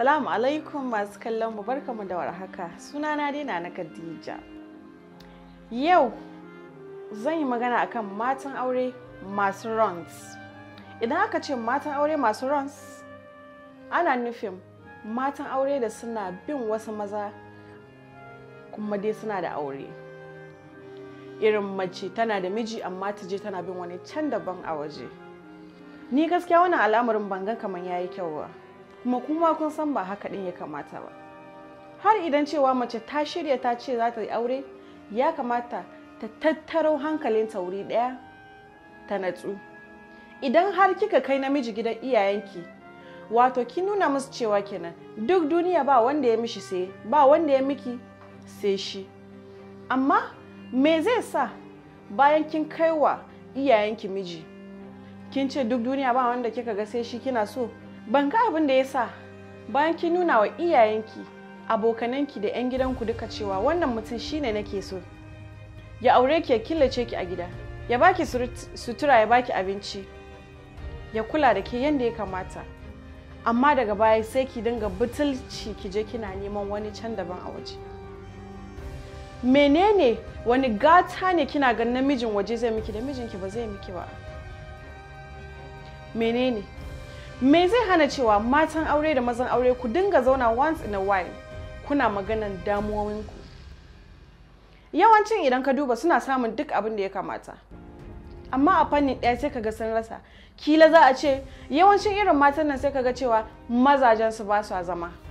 Assalamu alaikum masu kallon mu barkamu da warhaka sunana dina na Khadija. Yau zan yi magana akan matan aure masu runs. Idan aka ce matan aure masu runs ana nufin matan aure da suna bin wasu maza kuma dai suna da aure. Irin mace tana da miji amma ta je tana bin wani can daban a waje. Ni gaskiya wannan al'amarin ban ga kamar yi kyau ba. kuma kuma kun san ba haka ɗin ya kamata ba har idan cewa mace ta shirya ta ce za ta yi aure ya kamata ta tattaro hankalinta wuri ɗaya ta natsu idan har kika kai namiji gidan iyayenki wato ki nuna musu cewa kenan duk duniya ba wanda ya mishi sai ba wanda ya miki sai shi amma me zai sa bayan kin kaiwa iyayenki miji kin ce duk duniya ba wanda kika ga sai shi kina so ban ga abin da ya sa bayan ki nuna wa iyayenki abokananki da 'yan gidanku duka cewa wannan mutum shine nake so ya aure ki ya killace ki a gida ya baki sutura ya baki abinci ya kula da ke yadda ya kamata amma daga baya sai ki dinga butulci ki je kina neman wani can daban a waje menene wani gata ne kina ganin namijin waje zai miki da mijinki ba zai miki ba menene me zai hana cewa matan aure da mazan aure ku dinga zauna once in a while kuna maganan damuwowinku yawancin idan ka duba suna samun duk abin da ya kamata amma a fannin ɗaya sai ka ga sun rasa kila za a ce yawancin irin matan nan sai ka ga cewa mazajen su ba su zama